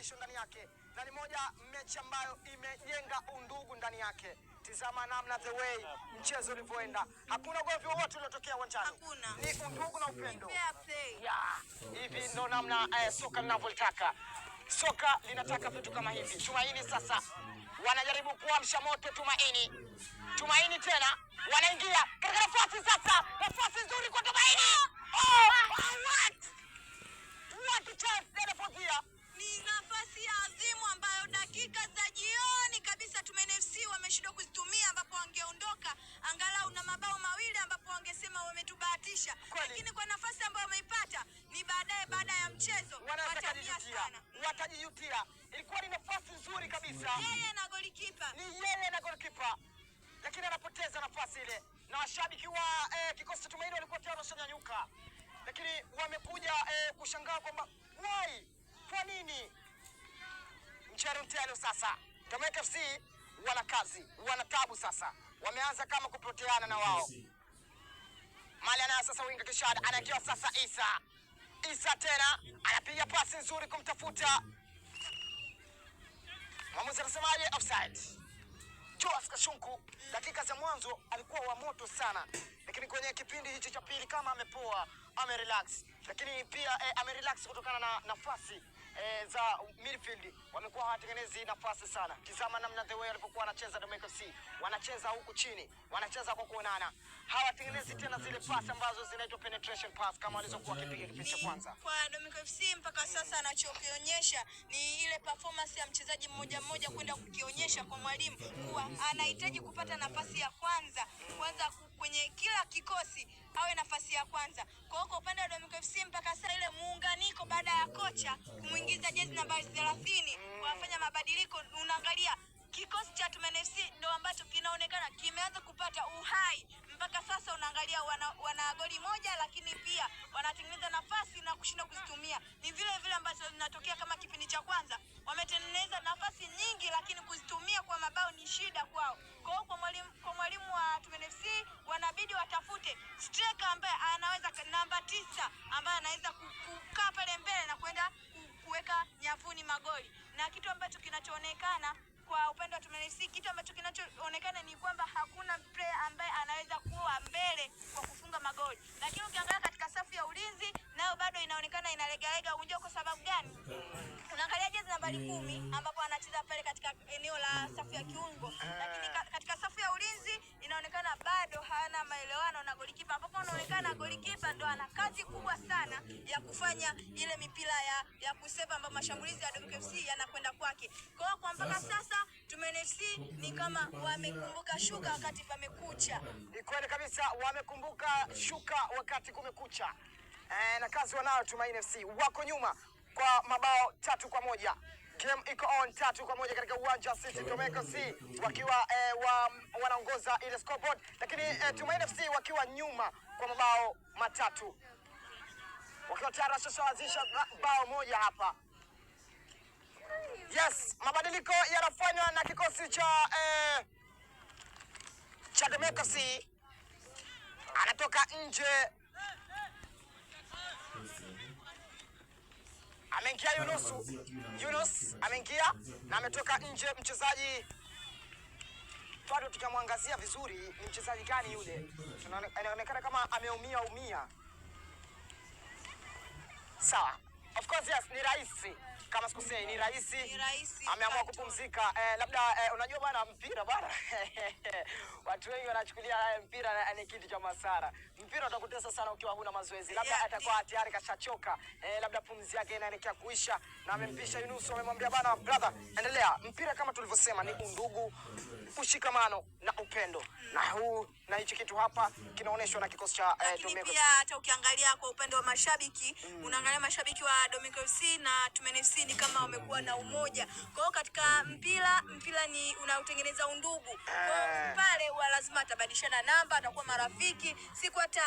mafundisho ndani yake na ni moja mechi ambayo imejenga undugu ndani yake. Tizama namna the way mchezo ulivyoenda, hakuna ugomvi wowote uliotokea uwanjani, ni undugu na upendo. Hivi ndo namna eh, soka linavyotaka. Soka linataka vitu kama hivi. Tumaini sasa wanajaribu kuamsha moto Tumaini, Tumaini tena wanaingia katika nafasi sasa ilikuwa ni nafasi nzuri kabisa, yeye na golikipa, ni yeye na golikipa, lakini anapoteza nafasi ile, na washabiki wa eh, kikosi cha Tumaini walikuwa tayari washanyanyuka, lakini wamekuja eh, kushangaa kwamba why, kwa nini mchezo mtano sasa. Tumaini FC wana kazi, wana tabu sasa, wameanza kama kupoteana na wao mali anayo sasa winga Kishada anaekewa sasa Isa Isa tena anapiga pasi nzuri kumtafuta Mwamuzi anasemaje? Offside. Joas Kashunku dakika za mwanzo alikuwa wa moto sana, lakini kwenye kipindi hicho cha pili kama amepoa, amerelax, lakini pia eh, amerelax kutokana na nafasi eh, za midfield wamekuwa hawatengenezi nafasi sana. Tizama namna the way alipokuwa anacheza Domenico C, wanacheza huku chini, wanacheza kwa kuonana, hawatengenezi tena zile pass ambazo zinaitwa penetration pass kama walizokuwa wakipiga kipindi cha kwanza kwa Domenico FC anachokionyesha ni ile performance ya mchezaji mmoja mmoja kwenda kukionyesha kwa mwalimu kuwa anahitaji kupata nafasi ya kwanza kwanza kwenye kila kikosi awe nafasi ya kwanza. Kwa hiyo kwa upande wa Domiko FC mpaka sasa ile muunganiko baada ya kocha kumwingiza jezi nambari 30 kuwafanya mabadiliko, unaangalia kikosi cha Tumaini FC ndo ambacho kinaonekana kimeanza kupata uhai mpaka sasa unaangalia wana, wana goli moja, lakini pia wanatengeneza nafasi na kushindwa kuzitumia. Ni vile vile ambazo zinatokea kama kipindi cha kwanza, wametengeneza nafasi nyingi nambari mm. kumi ambapo anacheza pale katika eneo la safu ya kiungo, ah. lakini katika safu ya ulinzi inaonekana bado hana maelewano na golikipa, ambapo anaonekana golikipa ndo ana kazi kubwa sana ya kufanya ile mipira ya, ya kuseva ambayo mashambulizi ya Dodoma yanakwenda kwake. Kwa hiyo kwa mpaka sasa tumenesi ni kama wamekumbuka shuka wakati pamekucha. Ni kweli kabisa, wamekumbuka shuka wakati kumekucha. E, na kazi wanayo Tumaini FC, wako nyuma kwa mabao tatu kwa moja. Game iko on tatu kwa moja katika uwanja wa City Domeko C wakiwa eh, wa, wanaongoza ile scoreboard, lakini eh, Tumaini FC wakiwa nyuma kwa mabao matatu wakiwa tayari washasawazisha bao moja hapa. Yes, mabadiliko yanafanywa na kikosi cha eh, cha Domeko C anatoka nje ameingia Yunus, Yunus ameingia na ametoka nje mchezaji bado tukamwangazia vizuri, ni mchezaji gani yule? Anaonekana kama ameumia umia. Sawa. Of course yes, ni rahisi kama sikusei, ni rahisi ameamua kupumzika eh, labda eh, unajua bwana, mpira bwana watu wengi wanachukulia eh, mpira eh, ni kitu cha masara. Mpira utakutesa sana ukiwa huna mazoezi, labda yeah, atakuwa tayari kashachoka eh, labda pumzi yake inaelekea kuisha, na amempisha Yunus, amemwambia bwana, brother, endelea. Mpira kama tulivyosema ni undugu, ushikamano na upendo, na huu na hichi kitu hapa kinaonyeshwa na kikosi cha eh, Domeko. Pia hata ukiangalia kwa upendo wa mashabiki mm, unaangalia mashabiki wa Domingo FC na Tumaini FC ni kama wamekuwa na umoja. Kwa hiyo katika mpira, mpira ni unaotengeneza undugu. Kwa hiyo pale wa lazima atabadilishana namba, atakuwa marafiki. Siku hata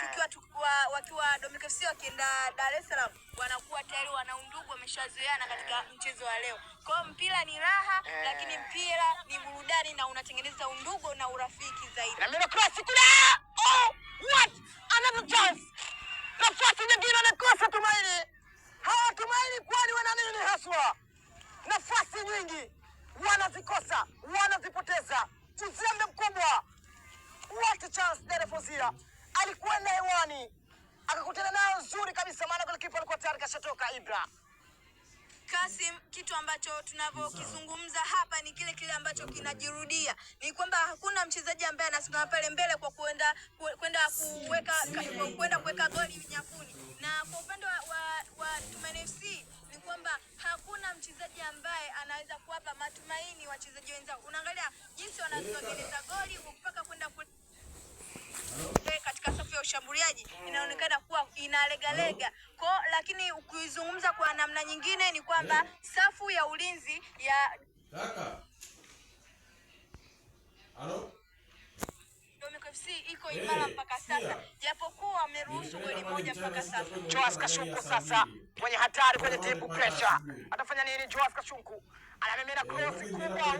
tukiwa tukiwa wakiwa Domingo FC wakienda Dar es Salaam wanakuwa tayari wana undugu, wameshazoeana katika mchezo wa leo. Kwa hiyo mpira ni raha, lakini mpira ni burudani na unatengeneza undugu na urafiki zaidi. Tumaini wanazikosa wanazipoteza. Uzembe mkubwa. What a chance alikwenda hewani akakutana nayo nzuri kabisa, maana kule kipa alikuwa tayari kashatoka. Ibra Kasim, kitu ambacho tunavyokizungumza hapa ni kile kile ambacho kinajirudia, ni kwamba hakuna mchezaji ambaye anasimama pale mbele kwa kuenda kwenda kuweka kwenda kuweka goli nyakuni, na kwa upande wa, wa, wa Tumaini FC kwamba hakuna mchezaji ambaye anaweza kuwapa matumaini wachezaji wenzao. Unaangalia jinsi wanazogeleza goli mpaka kwenda eh, katika safu ya ushambuliaji inaonekana kuwa inalegalega kwa, lakini ukizungumza kwa namna nyingine ni kwamba safu ya ulinzi ya Taka. Halo? FC iko imara mpaka sasa, japokuwa ameruhusu goli moja mpaka sasa. Joas kashuku sasa mwenye hatari kwenye tibu pressure, atafanya nini? Joas Kashunku anamemena krosi kubwa.